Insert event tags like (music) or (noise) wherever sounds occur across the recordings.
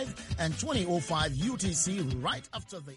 Oh and 2005 UTC right after the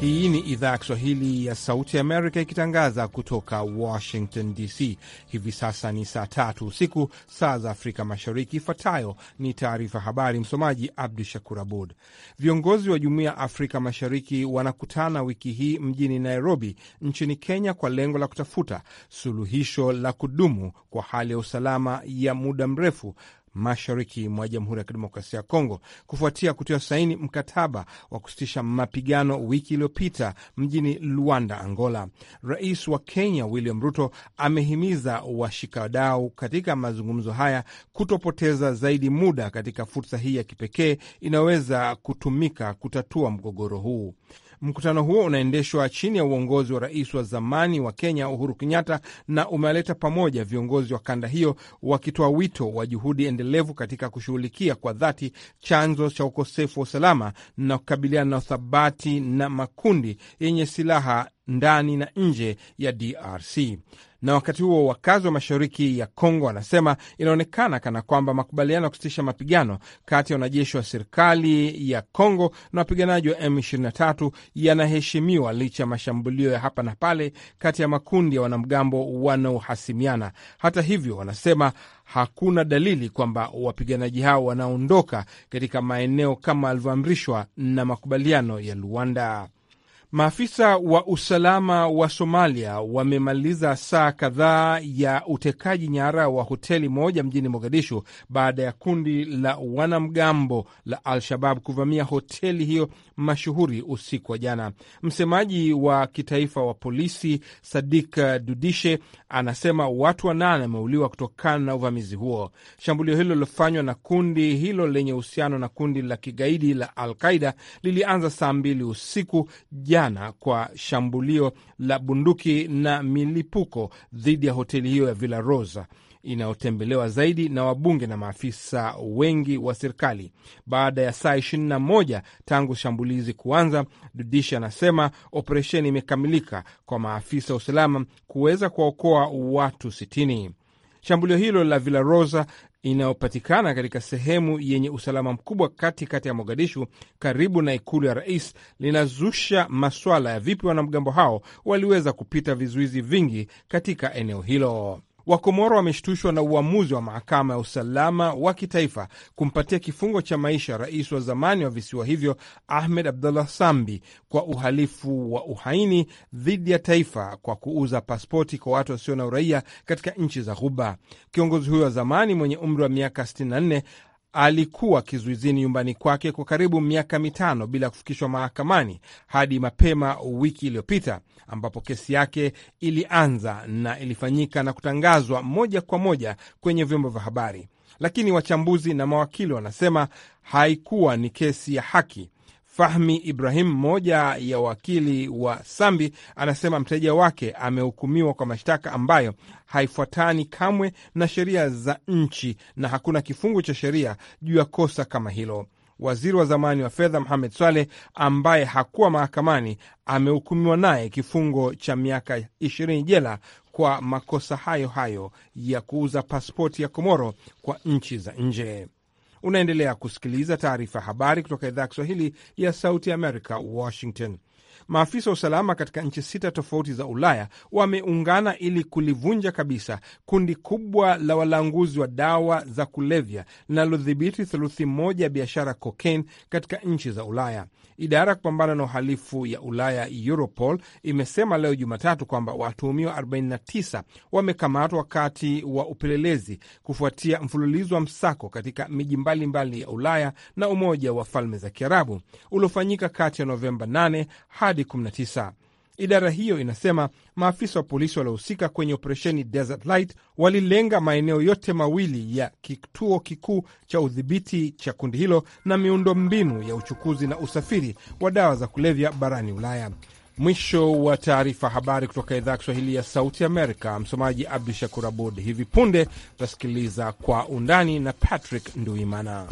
Hii ni idhaa ya Kiswahili ya Sauti ya Amerika ikitangaza kutoka Washington DC. Hivi sasa ni saa tatu usiku saa za Afrika Mashariki. Ifuatayo ni taarifa habari, msomaji Abdu Shakur Abud. Viongozi wa Jumuiya ya Afrika Mashariki wanakutana wiki hii mjini Nairobi nchini Kenya kwa lengo la kutafuta suluhisho la kudumu kwa hali ya usalama ya muda mrefu mashariki mwa Jamhuri ya Kidemokrasia ya Kongo kufuatia kutia saini mkataba wa kusitisha mapigano wiki iliyopita mjini Luanda, Angola. Rais wa Kenya William Ruto amehimiza washikadau katika mazungumzo haya kutopoteza zaidi muda katika fursa hii ya kipekee inayoweza kutumika kutatua mgogoro huu. Mkutano huo unaendeshwa chini ya uongozi wa rais wa zamani wa Kenya Uhuru Kenyatta na umewaleta pamoja viongozi wa kanda hiyo wakitoa wito wa juhudi endelevu katika kushughulikia kwa dhati chanzo cha ukosefu wa usalama na kukabiliana na uthabati na makundi yenye silaha ndani na nje ya DRC na wakati huo wakazi wa mashariki ya Kongo wanasema inaonekana kana kwamba makubaliano ya kusitisha mapigano kati ya wanajeshi wa serikali ya Kongo na wapiganaji wa M23 yanaheshimiwa licha ya mashambulio ya hapa na pale kati ya makundi ya wanamgambo wanaohasimiana. Hata hivyo, wanasema hakuna dalili kwamba wapiganaji hao wanaondoka katika maeneo kama alivyoamrishwa na makubaliano ya Luanda. Maafisa wa usalama wa Somalia wamemaliza saa kadhaa ya utekaji nyara wa hoteli moja mjini Mogadishu baada ya kundi la wanamgambo la Al-Shabab kuvamia hoteli hiyo mashuhuri usiku wa jana. Msemaji wa kitaifa wa polisi Sadik Dudishe anasema watu wanane wameuliwa kutokana na uvamizi huo. Shambulio hilo lilofanywa na kundi hilo lenye uhusiano na kundi la kigaidi la Al-Qaida lilianza saa mbili usiku jana kwa shambulio la bunduki na milipuko dhidi ya hoteli hiyo ya Villa Rosa inayotembelewa zaidi na wabunge na maafisa wengi wa serikali. Baada ya saa 21 tangu shambulizi kuanza, Dudishi anasema operesheni imekamilika kwa maafisa wa usalama kuweza kuwaokoa watu 60. Shambulio hilo la Rosa inayopatikana katika sehemu yenye usalama mkubwa katikati kati ya Mogadishu, karibu na ikulu ya rais, linazusha maswala ya vipi wanamgambo hao waliweza kupita vizuizi vingi katika eneo hilo. Wakomoro wameshtushwa na uamuzi wa mahakama ya usalama wa kitaifa kumpatia kifungo cha maisha rais wa zamani wa visiwa hivyo Ahmed Abdullah Sambi kwa uhalifu wa uhaini dhidi ya taifa kwa kuuza paspoti kwa watu wasio na uraia katika nchi za Ghuba. Kiongozi huyo wa zamani mwenye umri wa miaka 64 alikuwa kizuizini nyumbani kwake kwa karibu miaka mitano bila kufikishwa mahakamani hadi mapema wiki iliyopita ambapo kesi yake ilianza na ilifanyika na kutangazwa moja kwa moja kwenye vyombo vya habari, lakini wachambuzi na mawakili wanasema haikuwa ni kesi ya haki Fahmi Ibrahim, mmoja ya wakili wa Sambi, anasema mteja wake amehukumiwa kwa mashtaka ambayo haifuatani kamwe na sheria za nchi na hakuna kifungu cha sheria juu ya kosa kama hilo. Waziri wa zamani wa fedha Mohamed Swaleh ambaye hakuwa mahakamani amehukumiwa naye kifungo cha miaka ishirini jela kwa makosa hayo hayo ya kuuza pasipoti ya Komoro kwa nchi za nje. Unaendelea kusikiliza taarifa ya habari kutoka idhaa ya Kiswahili ya Sauti Amerika, Washington maafisa wa usalama katika nchi sita tofauti za Ulaya wameungana ili kulivunja kabisa kundi kubwa la walanguzi wa dawa za kulevya linalodhibiti theluthi moja ya biashara kokaini katika nchi za Ulaya. Idara ya kupambana na uhalifu ya Ulaya, Europol, imesema leo Jumatatu kwamba watuhumiwa 49 wamekamatwa wakati wa upelelezi kufuatia mfululizo wa msako katika miji mbalimbali ya Ulaya na Umoja wa Falme za Kiarabu uliofanyika kati ya Novemba 8 hadi hadi 19. Idara hiyo inasema maafisa wa polisi waliohusika kwenye operesheni Desert Light walilenga maeneo yote mawili ya kituo kikuu cha udhibiti cha kundi hilo na miundo mbinu ya uchukuzi na usafiri wa dawa za kulevya barani Ulaya. Mwisho wa taarifa. Habari kutoka idhaa ya Kiswahili ya Sauti Amerika. Msomaji Abdu Shakur Abud. Hivi punde tutasikiliza Kwa Undani na Patrick Nduimana.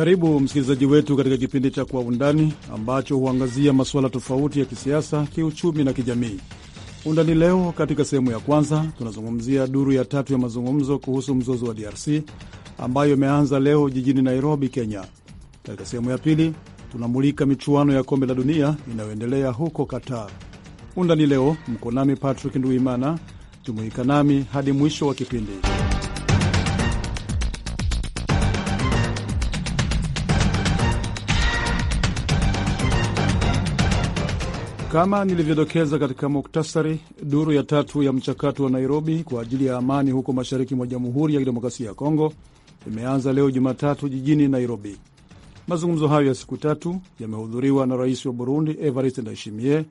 Karibu msikilizaji wetu katika kipindi cha Kwa Undani ambacho huangazia masuala tofauti ya kisiasa, kiuchumi na kijamii. Undani leo, katika sehemu ya kwanza, tunazungumzia duru ya tatu ya mazungumzo kuhusu mzozo wa DRC ambayo imeanza leo jijini Nairobi, Kenya. Katika sehemu ya pili, tunamulika michuano ya kombe la dunia inayoendelea huko Qatar. Undani leo, mko nami Patrick Nduimana. Jumuika nami hadi mwisho wa kipindi. Kama nilivyodokeza katika muktasari, duru ya tatu ya mchakato wa Nairobi kwa ajili ya amani huko mashariki mwa Jamhuri ya Kidemokrasia ya Kongo imeanza leo Jumatatu jijini Nairobi. Mazungumzo hayo ya siku tatu yamehudhuriwa na rais wa Burundi Evariste Ndayishimiye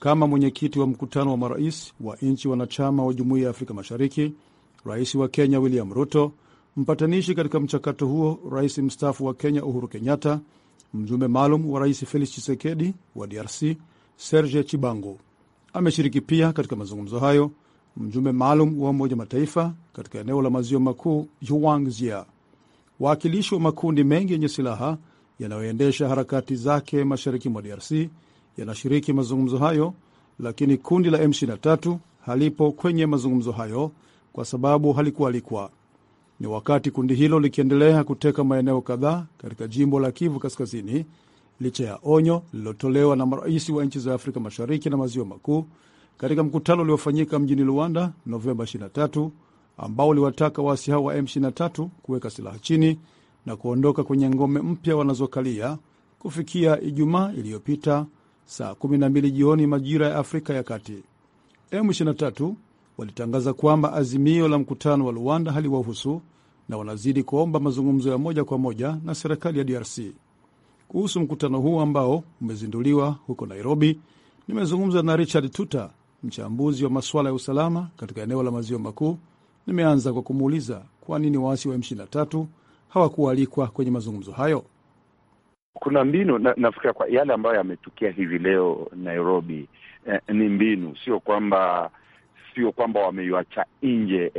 kama mwenyekiti wa mkutano wa marais wa nchi wanachama wa Jumuiya ya Afrika Mashariki, rais wa Kenya William Ruto, mpatanishi katika mchakato huo rais mstaafu wa Kenya Uhuru Kenyatta, mjumbe maalum wa rais Felix Tshisekedi wa DRC Serge Chibango. Ameshiriki pia katika mazungumzo hayo mjumbe maalum wa Umoja Mataifa katika eneo la maziwa makuu Yuang Zia. Waakilishi wa makundi mengi yenye silaha yanayoendesha harakati zake mashariki mwa DRC yanashiriki mazungumzo hayo, lakini kundi la M23 halipo kwenye mazungumzo hayo kwa sababu halikualikwa. Ni wakati kundi hilo likiendelea kuteka maeneo kadhaa katika jimbo la Kivu Kaskazini licha ya onyo lililotolewa na marais wa nchi za Afrika Mashariki na Maziwa Makuu katika mkutano uliofanyika mjini Luanda Novemba 23 ambao uliwataka waasi hao wa M23 kuweka silaha chini na kuondoka kwenye ngome mpya wanazokalia kufikia Ijumaa iliyopita saa 12 jioni majira ya Afrika ya Kati. M23 walitangaza kwamba azimio la mkutano wa Luanda haliwahusu na wanazidi kuomba mazungumzo ya moja kwa moja na serikali ya DRC. Kuhusu mkutano huu ambao umezinduliwa huko Nairobi, nimezungumza na Richard Tuta, mchambuzi wa masuala ya usalama katika eneo la maziwa makuu. Nimeanza kwa kumuuliza kwa nini waasi wa M23 hawakualikwa kwenye mazungumzo hayo. Kuna mbinu na, nafikira kwa yale ambayo yametukia hivi leo Nairobi eh, ni mbinu, sio kwamba sio kwamba wameiacha nje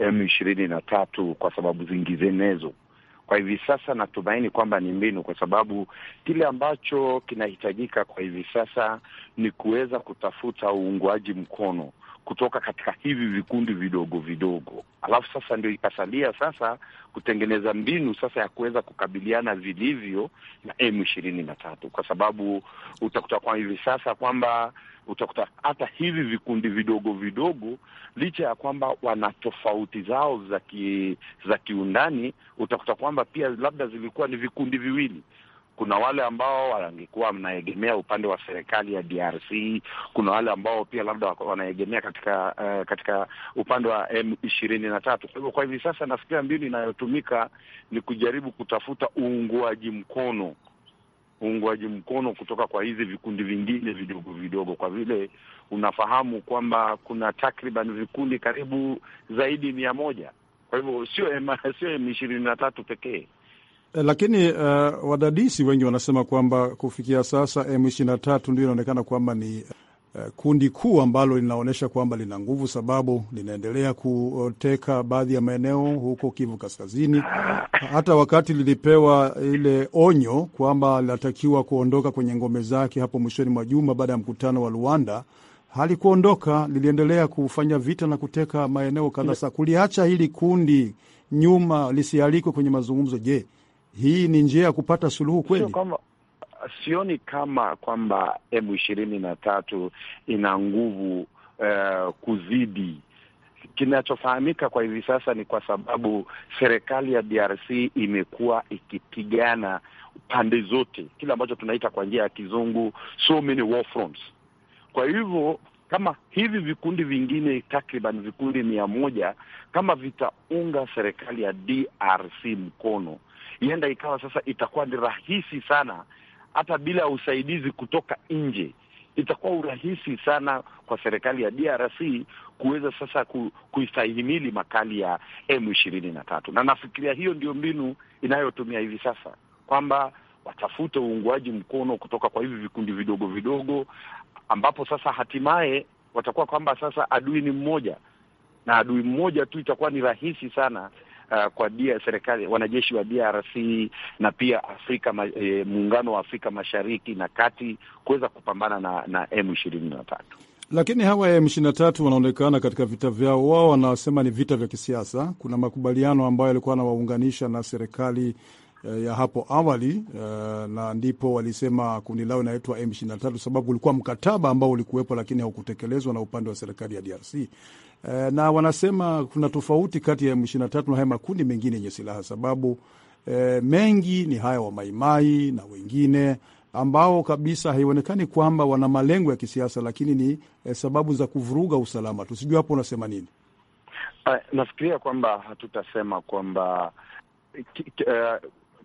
M ishirini na tatu kwa sababu zingizenezo kwa hivi sasa natumaini kwamba ni mbinu, kwa sababu kile ambacho kinahitajika kwa hivi sasa ni kuweza kutafuta uungwaji mkono kutoka katika hivi vikundi vidogo vidogo, alafu sasa ndio ikasalia sasa kutengeneza mbinu sasa ya kuweza kukabiliana vilivyo na M ishirini na tatu, kwa sababu utakuta kwa hivi sasa kwamba utakuta hata hivi vikundi vidogo vidogo, licha ya kwamba wana tofauti zao za ki, za kiundani, utakuta kwamba pia labda zilikuwa ni vikundi viwili kuna wale ambao wangekuwa wanaegemea upande wa serikali ya DRC, kuna wale ambao pia labda wanaegemea katika uh, katika upande wa M ishirini na tatu. Kwa hivyo kwa hivi sasa nafikiria mbinu inayotumika ni kujaribu kutafuta uunguaji mkono uunguaji mkono kutoka kwa hizi vikundi vingine vidogo vidogo, kwa vile unafahamu kwamba kuna takriban vikundi karibu zaidi mia moja. Kwa hivyo sio sio M ishirini na tatu pekee. Eh, lakini uh, wadadisi wengi wanasema kwamba kufikia sasa M23 ndio inaonekana kwamba ni uh, kundi kuu ambalo linaonyesha kwamba lina nguvu, sababu linaendelea kuteka baadhi ya maeneo huko Kivu Kaskazini. Hata wakati lilipewa ile onyo kwamba linatakiwa kuondoka kwenye ngome zake hapo mwishoni mwa juma baada ya mkutano wa Luanda halikuondoka, liliendelea kufanya vita na kuteka maeneo kadhaa. Kuliacha hili kundi nyuma lisialikwe kwenye mazungumzo, je, hii ni njia ya kupata suluhu kweli? Sioni kama kwamba emu ishirini na tatu ina nguvu uh, kuzidi kinachofahamika kwa hivi sasa. Ni kwa sababu serikali ya DRC imekuwa ikipigana pande zote, kile ambacho tunaita kwa njia ya kizungu so many war fronts. Kwa hivyo kama hivi vikundi vingine takriban vikundi mia moja kama vitaunga serikali ya DRC mkono ienda ikawa sasa itakuwa ni rahisi sana hata bila ya usaidizi kutoka nje itakuwa urahisi sana kwa serikali ya DRC kuweza sasa ku, kuistahimili makali ya M ishirini na tatu, na nafikiria hiyo ndio mbinu inayotumia hivi sasa kwamba watafute uunguaji mkono kutoka kwa hivi vikundi vidogo vidogo, ambapo sasa hatimaye watakuwa kwamba sasa adui ni mmoja na adui mmoja tu, itakuwa ni rahisi sana uh, kwa dia serikali wanajeshi wa DRC na pia Afrika e, muungano wa Afrika Mashariki na Kati kuweza kupambana na, na M23 lakini hawa M23 wanaonekana katika vita vyao, wao wanasema ni vita vya kisiasa. Kuna makubaliano ambayo yalikuwa anawaunganisha na serikali Eh, ya hapo awali, eh, na ndipo walisema kundi lao inaitwa M23 sababu ulikuwa mkataba ambao ulikuwepo, lakini haukutekelezwa na upande wa serikali ya DRC eh, na wanasema kuna tofauti kati ya M23 na haya makundi mengine yenye silaha sababu mengi ni haya wa maimai na wengine ambao kabisa haionekani kwamba wana malengo ya kisiasa, lakini ni sababu za kuvuruga usalama. Sijui hapo unasema nini? Ah, nafikiria kwamba hatutasema kwamba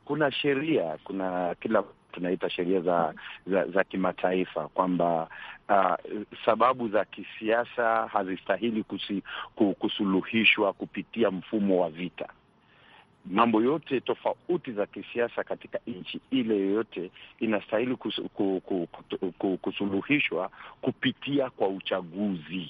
kuna sheria, kuna kila tunaita sheria za za, za kimataifa kwamba uh, sababu za kisiasa hazistahili kusi, kusuluhishwa kupitia mfumo wa vita. Mambo yote tofauti za kisiasa katika nchi ile yoyote inastahili kusuluhishwa kupitia kwa uchaguzi.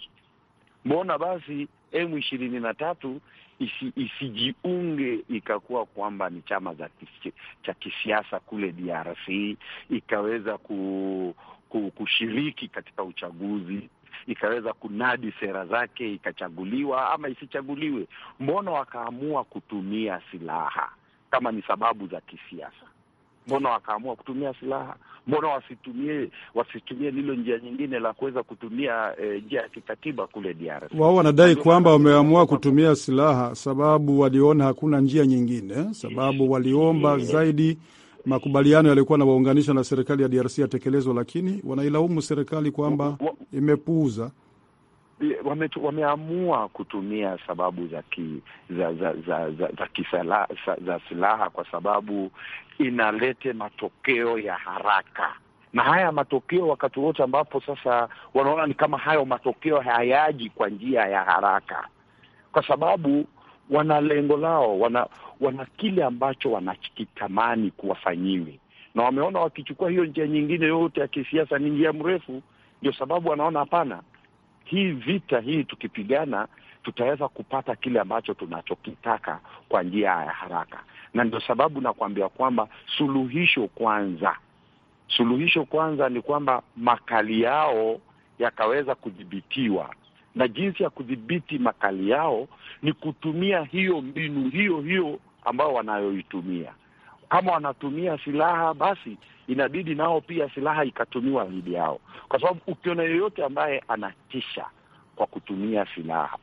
Mbona basi M ishirini na tatu isi, isijiunge ikakuwa kwamba ni chama za kisi, cha kisiasa kule DRC ikaweza ku, ku, kushiriki katika uchaguzi ikaweza kunadi sera zake ikachaguliwa ama isichaguliwe. Mbona wakaamua kutumia silaha kama ni sababu za kisiasa? Mbona wakaamua kutumia silaha? Mbona wasitumie wasitumie lilo njia nyingine la kuweza kutumia e, njia ya kikatiba kule DRC? Wao wanadai kwamba wameamua kutumia silaha sababu waliona hakuna njia nyingine, sababu waliomba zaidi makubaliano yalikuwa na waunganisha na serikali ya DRC yatekelezwa, lakini wanailaumu serikali kwamba imepuuza wame, wameamua kutumia sababu za ki, za za za, za, za, kisala, za za silaha kwa sababu inalete matokeo ya haraka na haya matokeo wakati wote ambapo sasa wanaona ni kama hayo matokeo hayaji kwa njia ya haraka, kwa sababu wana lengo lao, wana wana kile ambacho wanakitamani kuwafanyiwe na wameona wakichukua hiyo njia nyingine yote ya kisiasa ni njia mrefu. Ndio sababu wanaona hapana, hii vita hii tukipigana tutaweza kupata kile ambacho tunachokitaka kwa njia ya haraka, na ndio sababu nakuambia kwamba suluhisho kwanza, suluhisho kwanza ni kwamba makali yao yakaweza kudhibitiwa, na jinsi ya kudhibiti makali yao ni kutumia hiyo mbinu hiyo hiyo ambayo wanayoitumia kama wanatumia silaha, basi inabidi nao pia silaha ikatumiwa dhidi yao, kwa sababu ukiona yoyote ambaye anatisha kwa kutumia silaha,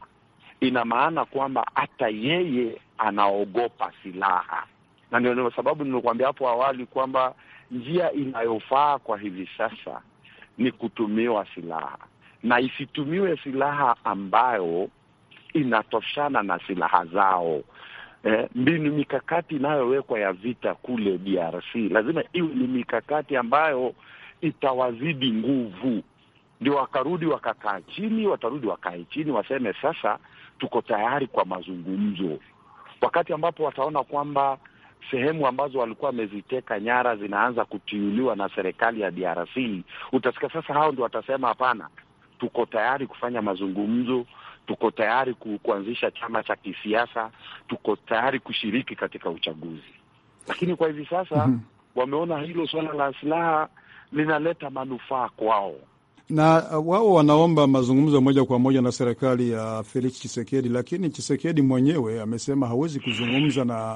ina maana kwamba hata yeye anaogopa silaha, na ndio sababu nimekuambia hapo awali kwamba njia inayofaa kwa hivi sasa ni kutumiwa silaha na isitumiwe silaha ambayo inatoshana na silaha zao eh, mbinu mikakati inayowekwa ya vita kule DRC lazima iwe ni mikakati ambayo itawazidi nguvu, ndio wakarudi wakakaa chini, watarudi wakae chini, waseme sasa tuko tayari kwa mazungumzo, wakati ambapo wataona kwamba sehemu ambazo walikuwa wameziteka nyara zinaanza kutiuliwa na serikali ya DRC, utasikia sasa hao ndio watasema hapana, tuko tayari kufanya mazungumzo, tuko tayari kuanzisha chama cha kisiasa, tuko tayari kushiriki katika uchaguzi. Lakini kwa hivi sasa mm -hmm. wameona hilo suala la silaha linaleta manufaa kwao na uh, wao wanaomba mazungumzo moja kwa moja na serikali ya Felix Chisekedi, lakini Chisekedi mwenyewe amesema hawezi kuzungumza na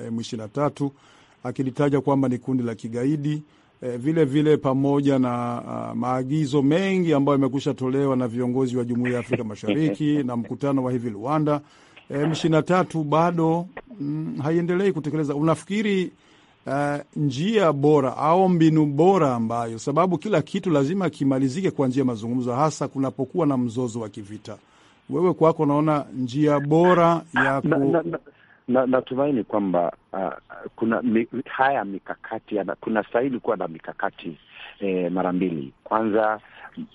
uh, M ishirini na tatu akilitaja kwamba ni kundi la kigaidi e, vile vile pamoja na uh, maagizo mengi ambayo yamekusha tolewa na viongozi wa Jumuiya ya Afrika Mashariki (laughs) na mkutano wa hivi Luanda eh, M ishirini na tatu bado mm, haiendelei kutekeleza. Unafikiri uh, njia bora au mbinu bora ambayo, sababu kila kitu lazima kimalizike kwa njia ya mazungumzo, hasa kunapokuwa na mzozo wa kivita, wewe kwako unaona njia bora ya ku... na, na, na na natumaini kwamba uh, kuna mi, haya mikakati ya, kuna stahili kuwa na mikakati eh, mara mbili. Kwanza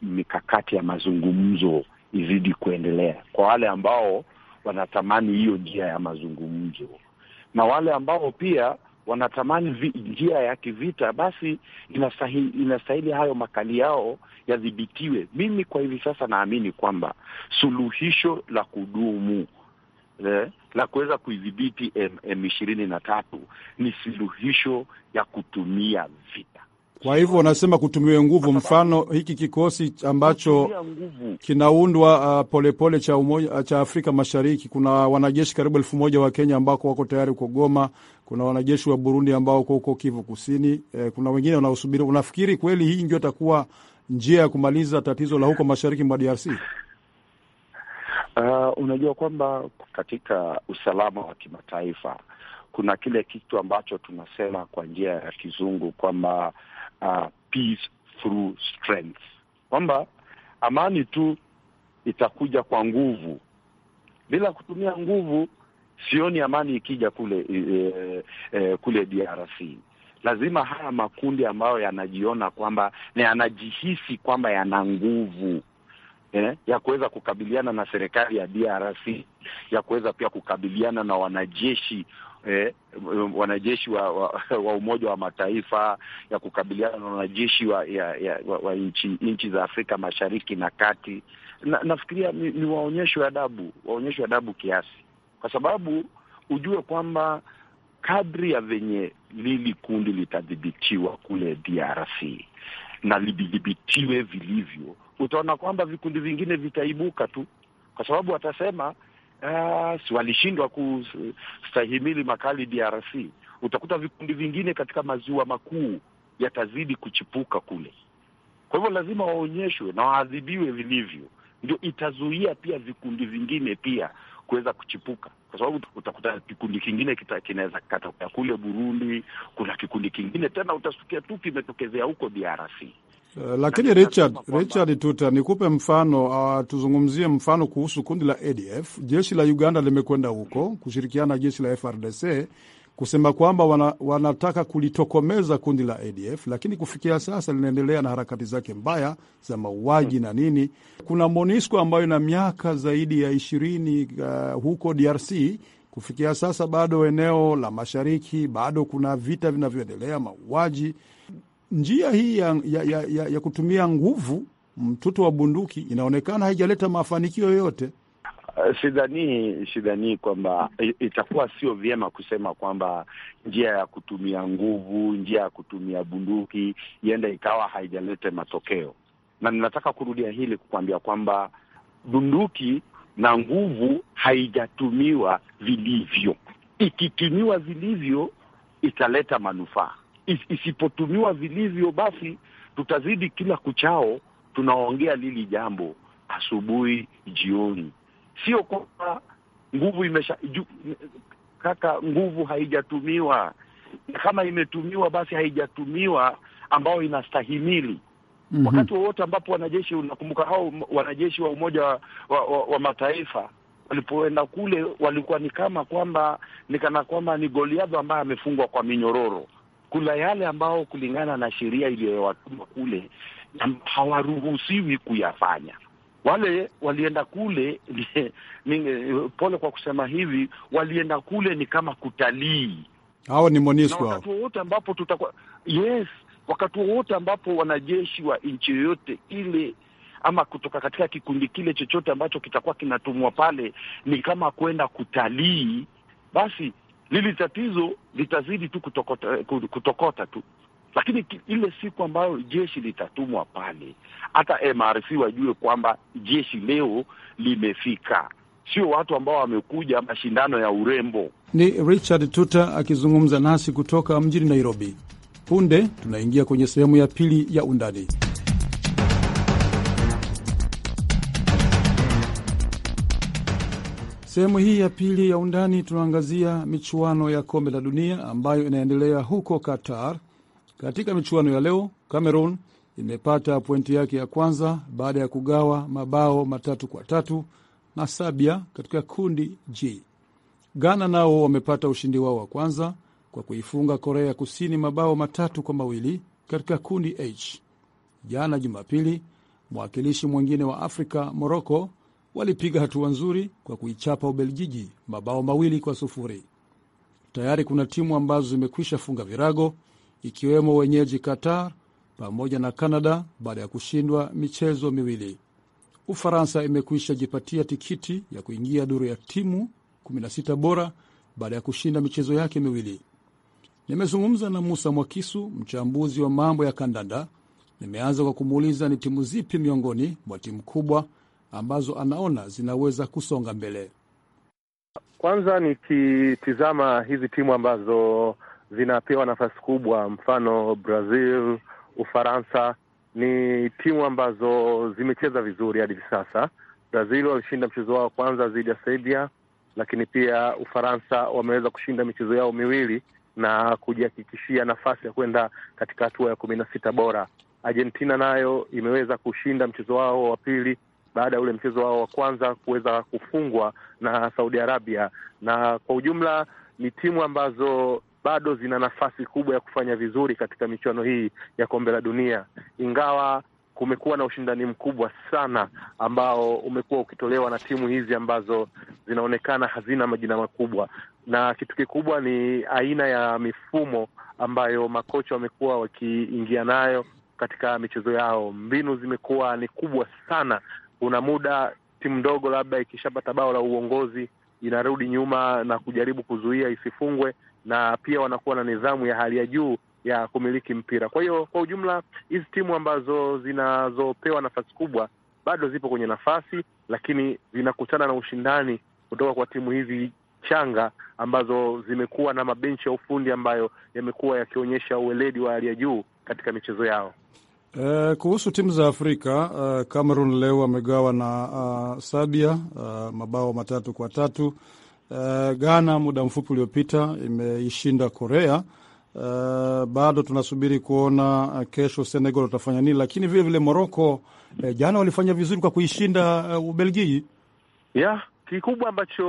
mikakati ya mazungumzo izidi kuendelea kwa wale ambao wanatamani hiyo njia ya mazungumzo, na wale ambao pia wanatamani vi, njia ya kivita, basi inastahili, inastahili hayo makali yao yadhibitiwe. Mimi kwa hivi sasa naamini kwamba suluhisho la kudumu eh, la kuweza kuidhibiti M ishirini na tatu ni suluhisho ya kutumia vita. Kwa hivyo wanasema kutumiwe nguvu. Mfano hiki kikosi ambacho kinaundwa uh, polepole uh, cha umoja, uh, cha Afrika Mashariki, kuna wanajeshi karibu elfu moja wa Kenya ambao wako tayari huko Goma, kuna wanajeshi wa Burundi ambao wako huko Kivu Kusini, eh, kuna wengine wanaosubiri. Unafikiri kweli hii ndio itakuwa njia ya kumaliza tatizo la huko mashariki mwa DRC? Uh, unajua kwamba katika usalama wa kimataifa kuna kile kitu ambacho tunasema kwa njia ya kizungu kwamba uh, peace through strength, kwamba amani tu itakuja kwa nguvu. Bila kutumia nguvu sioni amani ikija kule e, e, kule DRC. Lazima haya makundi ambayo yanajiona kwamba na yanajihisi kwamba yana nguvu eh, ya kuweza kukabiliana na serikali ya DRC, ya kuweza pia kukabiliana na wanajeshi eh, wanajeshi wa, wa, wa Umoja wa Mataifa, ya kukabiliana na wanajeshi wa, ya, ya, wa, wa nchi, nchi za Afrika Mashariki na Kati. Na, nafikiria ni, ni waonyesho adabu, waonyesho adabu kiasi, kwa sababu ujue kwamba kadri ya venye lili kundi litadhibitiwa kule DRC na lidhibitiwe vilivyo utaona kwamba vikundi vingine vitaibuka tu, kwa sababu watasema ah, si walishindwa kustahimili makali DRC. Utakuta vikundi vingine katika maziwa makuu yatazidi kuchipuka kule. Kwa hivyo lazima waonyeshwe na waadhibiwe vilivyo, ndio itazuia pia vikundi vingine pia kuweza kuchipuka, kwa sababu utakuta kikundi kingine kinaweza katokea kule Burundi, kuna kikundi kingine tena utasikia tu kimetokezea huko DRC. Eh, lakini Richard, Richard Tuta, nikupe mfano uh, tuzungumzie mfano kuhusu kundi la ADF. Jeshi la Uganda limekwenda huko kushirikiana na jeshi la FRDC kusema kwamba wana, wanataka kulitokomeza kundi la ADF, lakini kufikia sasa linaendelea na harakati zake mbaya za mauaji na nini. Kuna MONUSCO ambayo ina miaka zaidi ya ishirini uh, huko DRC. Kufikia sasa bado eneo la mashariki bado kuna vita vinavyoendelea, mauaji njia hii ya, ya, ya, ya, ya kutumia nguvu mtoto wa bunduki inaonekana haijaleta mafanikio yoyote. Eh, sidhanii, sidhanii kwamba itakuwa sio vyema kusema kwamba njia ya kutumia nguvu, njia ya kutumia bunduki ienda ikawa haijalete matokeo, na ninataka kurudia hili kukwambia kwamba bunduki na nguvu haijatumiwa vilivyo. Ikitumiwa vilivyo, italeta manufaa isipotumiwa vilivyo, basi tutazidi kila kuchao tunaongea lili jambo asubuhi, jioni. Sio kwamba nguvu imesha ju, kaka, nguvu haijatumiwa. Kama imetumiwa basi haijatumiwa ambayo inastahimili mm -hmm. Wakati wowote ambapo wanajeshi, unakumbuka hao wanajeshi wa Umoja wa, wa, wa Mataifa walipoenda kule walikuwa ni kama kwamba ni kana kwamba ni Goliadho ambaye amefungwa kwa minyororo kuna yale ambao kulingana na sheria iliyowatuma kule hawaruhusiwi kuyafanya. Wale walienda kule (laughs) pole kwa kusema hivi, walienda kule ni kama kutalii. Hao ni MONUSCO. Wakati wowote ambapo tutakuwa yes, wakati wowote ambapo wanajeshi wa nchi yoyote ile ama kutoka katika kikundi kile chochote ambacho kitakuwa kinatumwa pale, ni kama kwenda kutalii, basi lili tatizo litazidi tu kutokota, kutokota tu, lakini ile siku ambayo jeshi litatumwa pale, hata MRC wajue kwamba jeshi leo limefika, sio watu ambao wamekuja mashindano ya urembo. Ni Richard Tuta akizungumza nasi kutoka mjini Nairobi. Punde tunaingia kwenye sehemu ya pili ya Undani. Sehemu hii ya pili ya undani tunaangazia michuano ya kombe la dunia ambayo inaendelea huko Qatar. Katika michuano ya leo, Cameroon imepata pointi yake ya kwanza baada ya kugawa mabao matatu kwa tatu na Sabia katika kundi G. Ghana nao wamepata ushindi wao wa kwanza kwa kuifunga Korea ya Kusini mabao matatu kwa mawili katika kundi H. Jana Jumapili, mwakilishi mwingine wa Afrika Moroko walipiga hatua nzuri kwa kuichapa Ubelgiji mabao mawili kwa sufuri. Tayari kuna timu ambazo zimekwisha funga virago ikiwemo wenyeji Qatar pamoja na canada baada ya kushindwa michezo miwili. Ufaransa imekwisha jipatia tikiti ya kuingia duru ya timu 16 bora baada ya kushinda michezo yake miwili. Nimezungumza na Musa Mwakisu, mchambuzi wa mambo ya kandanda. Nimeanza kwa kumuuliza ni timu zipi miongoni mwa timu kubwa ambazo anaona zinaweza kusonga mbele. Kwanza nikitizama hizi timu ambazo zinapewa nafasi kubwa, mfano Brazil, Ufaransa, ni timu ambazo zimecheza vizuri hadi hivi sasa. Brazil walishinda mchezo wao kwanza dhidi ya Serbia, lakini pia Ufaransa wameweza kushinda michezo yao miwili na kujihakikishia nafasi ya kwenda katika hatua ya kumi na sita bora. Argentina nayo imeweza kushinda mchezo wao wa pili baada ya ule mchezo wao wa kwanza kuweza kufungwa na Saudi Arabia. Na kwa ujumla ni timu ambazo bado zina nafasi kubwa ya kufanya vizuri katika michuano hii ya kombe la dunia, ingawa kumekuwa na ushindani mkubwa sana ambao umekuwa ukitolewa na timu hizi ambazo zinaonekana hazina majina makubwa, na kitu kikubwa ni aina ya mifumo ambayo makocha wamekuwa wakiingia nayo katika michezo yao. Mbinu zimekuwa ni kubwa sana kuna muda timu ndogo labda ikishapata bao la uongozi inarudi nyuma na kujaribu kuzuia isifungwe, na pia wanakuwa na nidhamu ya hali ya juu ya kumiliki mpira. Kwa hiyo kwa ujumla, hizi timu ambazo zinazopewa nafasi kubwa bado zipo kwenye nafasi, lakini zinakutana na ushindani kutoka kwa timu hizi changa ambazo zimekuwa na mabenchi ya ufundi ambayo yamekuwa yakionyesha uweledi wa hali ya juu katika michezo yao. E, kuhusu timu za Afrika e, Cameroon leo amegawa na uh, Serbia uh, mabao matatu kwa tatu. E, Ghana muda mfupi uliopita imeishinda Korea. E, bado tunasubiri kuona kesho Senegal watafanya nini, lakini vile vile Morocco e, jana walifanya vizuri kwa kuishinda uh, Ubelgiji yeah. Kikubwa ambacho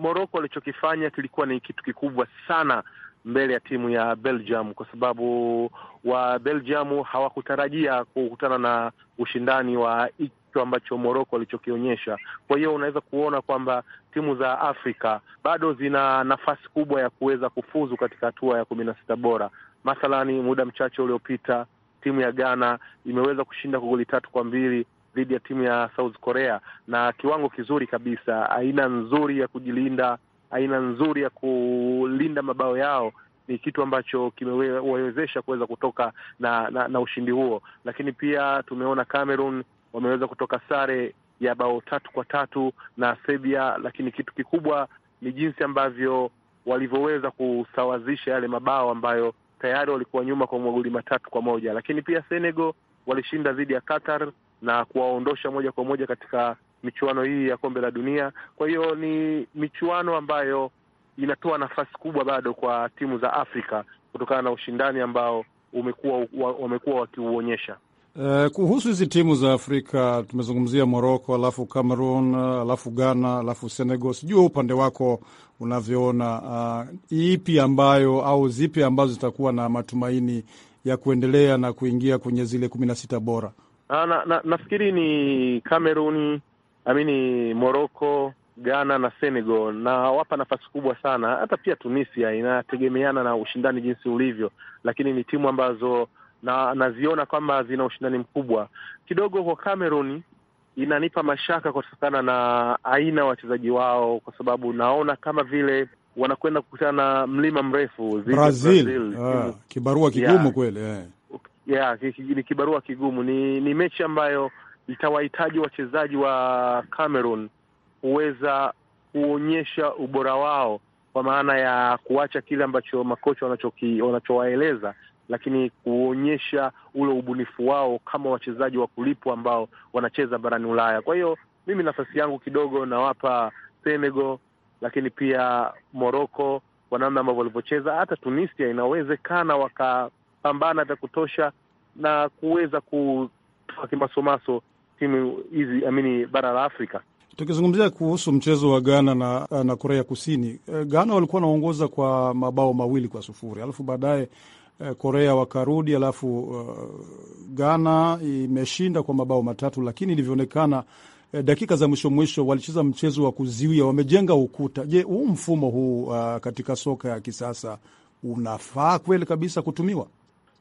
Moroko walichokifanya kilikuwa ni kitu kikubwa sana mbele ya timu ya Belgium kwa sababu wa Belgium hawakutarajia kukutana na ushindani wa hicho ambacho Morocco alichokionyesha. Kwa hiyo unaweza kuona kwamba timu za Afrika bado zina nafasi kubwa ya kuweza kufuzu katika hatua ya kumi na sita bora. Mathalani, muda mchache uliopita timu ya Ghana imeweza kushinda kwa goli tatu kwa mbili dhidi ya timu ya South Korea, na kiwango kizuri kabisa, aina nzuri ya kujilinda aina nzuri ya kulinda mabao yao ni kitu ambacho kimewawezesha kuweza kutoka na, na, na ushindi huo. Lakini pia tumeona Cameroon wameweza kutoka sare ya bao tatu kwa tatu na Serbia, lakini kitu kikubwa ni jinsi ambavyo walivyoweza kusawazisha yale mabao ambayo tayari walikuwa nyuma kwa magoli matatu kwa moja. Lakini pia Senegal walishinda dhidi ya Qatar na kuwaondosha moja kwa moja katika michuano hii ya kombe la dunia. Kwa hiyo ni michuano ambayo inatoa nafasi kubwa bado kwa timu za Afrika kutokana na ushindani ambao umekuwa wamekuwa wakiuonyesha. Uh, kuhusu hizi timu za Afrika tumezungumzia Morocco, alafu Cameroon, eh, alafu Ghana, alafu Senegal. sijua upande wako unavyoona, uh, ipi ambayo au zipi ambazo zitakuwa na matumaini ya kuendelea na kuingia kwenye zile kumi na sita bora? Ah, na, na, nafikiri ni Cameroon amini Moroko, Ghana na Senegal na wapa nafasi kubwa sana. Hata pia Tunisia inategemeana na ushindani jinsi ulivyo, lakini ni timu ambazo na naziona kwamba zina ushindani mkubwa kidogo. Kwa Cameroon inanipa mashaka kutokana na aina wachezaji wao, kwa sababu naona kama vile wanakwenda kukutana na mlima mrefu Brazil. Brazil. Ah, kibarua kigumu yeah. Kweli eh. yeah. Yeah, ni kibarua kigumu, ni, ni mechi ambayo itawahitaji wachezaji wa Cameroon kuweza kuonyesha ubora wao kwa maana ya kuacha kile ambacho makocha wanachowaeleza, lakini kuonyesha ule ubunifu wao kama wachezaji wa kulipwa ambao wanacheza barani Ulaya. Kwa hiyo mimi nafasi yangu kidogo nawapa Senegal, lakini pia Morocco kwa namna ambavyo walivyocheza. Hata Tunisia inawezekana wakapambana hata kutosha na kuweza kutoa kimasomaso timu hizi amini bara la Afrika. Tukizungumzia kuhusu mchezo wa Ghana na, na Korea Kusini, eh, Ghana walikuwa wanaongoza kwa mabao mawili kwa sufuri alafu baadaye eh, Korea wakarudi, alafu uh, Ghana imeshinda kwa mabao matatu, lakini ilivyoonekana eh, dakika za mwisho mwisho walicheza mchezo wa kuziwia, wamejenga ukuta. Je, huu mfumo huu uh, katika soka ya kisasa unafaa kweli kabisa kutumiwa?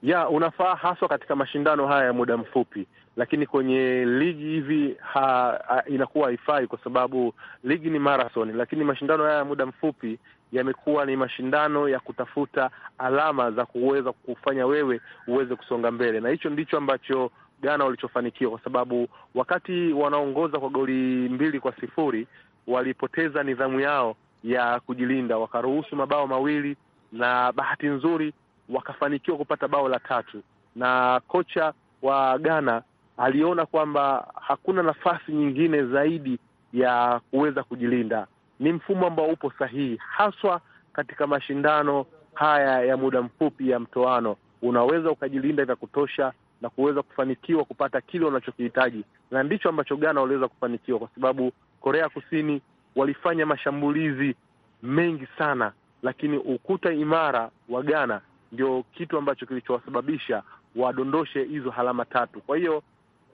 Ya, unafaa haswa katika mashindano haya ya muda mfupi lakini kwenye ligi hivi ha, ha, inakuwa haifai kwa sababu ligi ni marathon, lakini mashindano haya ya muda mfupi yamekuwa ni mashindano ya kutafuta alama za kuweza kufanya wewe uweze kusonga mbele, na hicho ndicho ambacho Ghana walichofanikiwa, kwa sababu wakati wanaongoza kwa goli mbili kwa sifuri walipoteza nidhamu yao ya kujilinda, wakaruhusu mabao mawili na bahati nzuri wakafanikiwa kupata bao la tatu, na kocha wa Ghana aliona kwamba hakuna nafasi nyingine zaidi ya kuweza kujilinda. Ni mfumo ambao upo sahihi, haswa katika mashindano haya ya muda mfupi ya mtoano. Unaweza ukajilinda vya kutosha na kuweza kufanikiwa kupata kile unachokihitaji, na ndicho ambacho Ghana waliweza kufanikiwa, kwa sababu Korea Kusini walifanya mashambulizi mengi sana, lakini ukuta imara wa Ghana ndio kitu ambacho kilichowasababisha wadondoshe hizo alama tatu. Kwa hiyo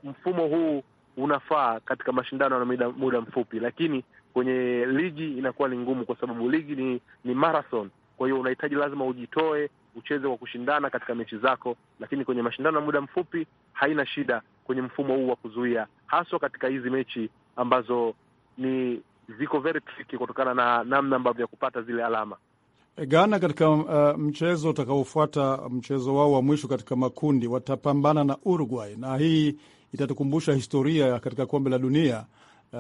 mfumo huu unafaa katika mashindano na muda, muda mfupi, lakini kwenye ligi inakuwa ni ngumu, kwa sababu ligi ni ni marathon. Kwa hiyo unahitaji lazima ujitoe, ucheze kwa kushindana katika mechi zako, lakini kwenye mashindano ya muda mfupi haina shida kwenye mfumo huu wa kuzuia, haswa katika hizi mechi ambazo ni ziko very tricky kutokana na namna ambavyo ya kupata zile alama. E, Ghana katika uh, mchezo utakaofuata, mchezo wao wa mwisho katika makundi watapambana na Uruguay, na hii itatukumbusha historia katika kombe la dunia uh,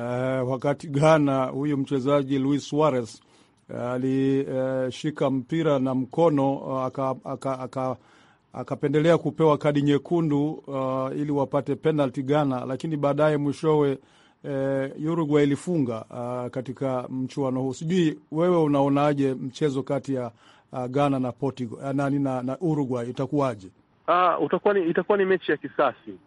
wakati Ghana huyu mchezaji Luis Suarez eh, alishika uh, mpira na mkono uh, eh, akapendelea aka, aka, aka kupewa kadi nyekundu uh, ili wapate penalti Ghana, lakini baadaye mwishowe uh, Uruguay ilifunga uh, katika mchuano huu. Sijui wewe unaonaje mchezo kati ya uh, Ghana na Portugal, uh, na, na, na Uruguay itakuwaje? Uh, utakuwa ni, itakuwa ni mechi ya kisasi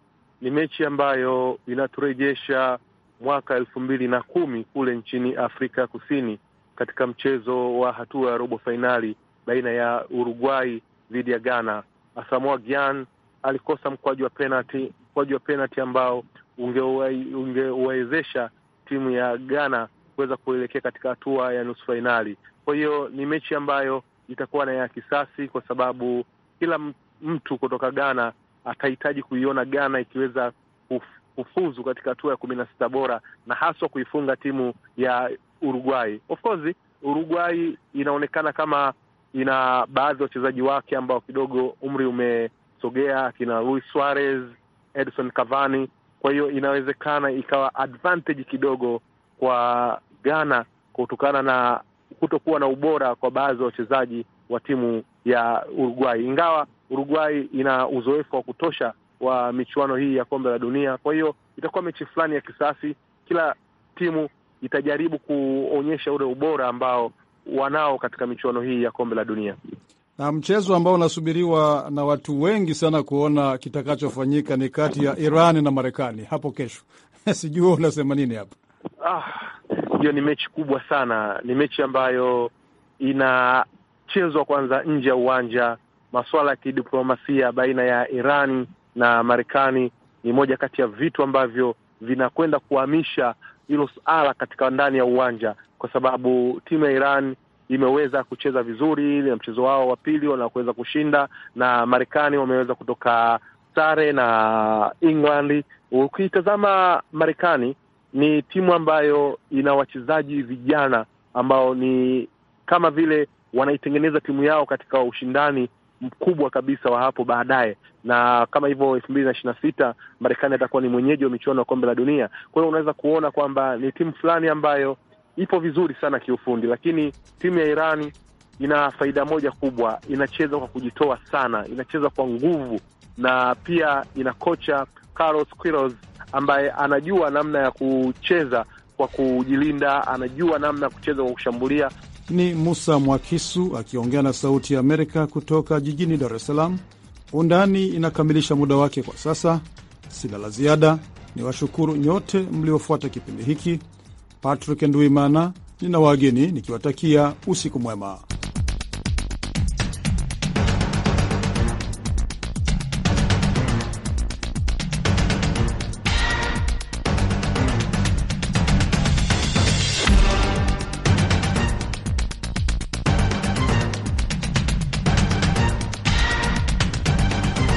ni mechi ambayo inaturejesha mwaka elfu mbili na kumi kule nchini Afrika Kusini katika mchezo wa hatua ya robo fainali baina ya uruguai dhidi ya Ghana. Asamoa Gyan alikosa mkwaji wa penalti, mkwaji wa penalti ambao ungewawezesha timu ya Ghana kuweza kuelekea katika hatua ya nusu fainali. Kwa hiyo ni mechi ambayo itakuwa na ya kisasi, kwa sababu kila mtu kutoka Ghana atahitaji kuiona Ghana ikiweza kufuzu katika hatua ya kumi na sita bora na haswa kuifunga timu ya Uruguay. Of course Uruguay inaonekana kama ina baadhi ya wachezaji wake ambao kidogo umri umesogea, akina Luis Suarez, Edson Cavani. Kwa hiyo inawezekana ikawa advantage kidogo kwa Ghana kutokana na kutokuwa na ubora kwa baadhi ya wachezaji wa timu ya Uruguay, ingawa Uruguay ina uzoefu wa kutosha wa michuano hii ya kombe la dunia. Kwa hiyo itakuwa mechi fulani ya kisasi, kila timu itajaribu kuonyesha ule ubora ambao wanao katika michuano hii ya kombe la dunia, na mchezo ambao unasubiriwa na watu wengi sana kuona kitakachofanyika ni kati ya Iran na Marekani hapo kesho. (laughs) sijua unasema nini hapa. Ah, hiyo ah, ni mechi kubwa sana, ni mechi ambayo inachezwa kwanza nje ya uwanja masuala ya kidiplomasia baina ya Iran na Marekani ni moja kati ya vitu ambavyo vinakwenda kuhamisha hilo suala katika ndani ya uwanja, kwa sababu timu ya Iran imeweza kucheza vizuri na mchezo wao wa pili wanakuweza kushinda, na Marekani wameweza kutoka sare na England. Ukitazama Marekani ni timu ambayo ina wachezaji vijana ambao ni kama vile wanaitengeneza timu yao katika ushindani mkubwa kabisa wa hapo baadaye, na kama hivyo elfu mbili na ishirini na sita Marekani atakuwa ni mwenyeji wa michuano ya kombe la dunia. Kwa hiyo unaweza kuona kwamba ni timu fulani ambayo ipo vizuri sana kiufundi, lakini timu ya Irani ina faida moja kubwa, inacheza kwa kujitoa sana, inacheza kwa nguvu, na pia ina kocha Carlos Quiroz ambaye anajua namna ya kucheza kwa kujilinda, anajua namna ya kucheza kwa kushambulia, ni Musa Mwakisu akiongea na Sauti ya Amerika kutoka jijini Dar es Salaam. Undani inakamilisha muda wake kwa sasa. Sina la ziada, ni washukuru nyote mliofuata kipindi hiki. Patrick ni nina wageni nikiwatakia usiku mwema.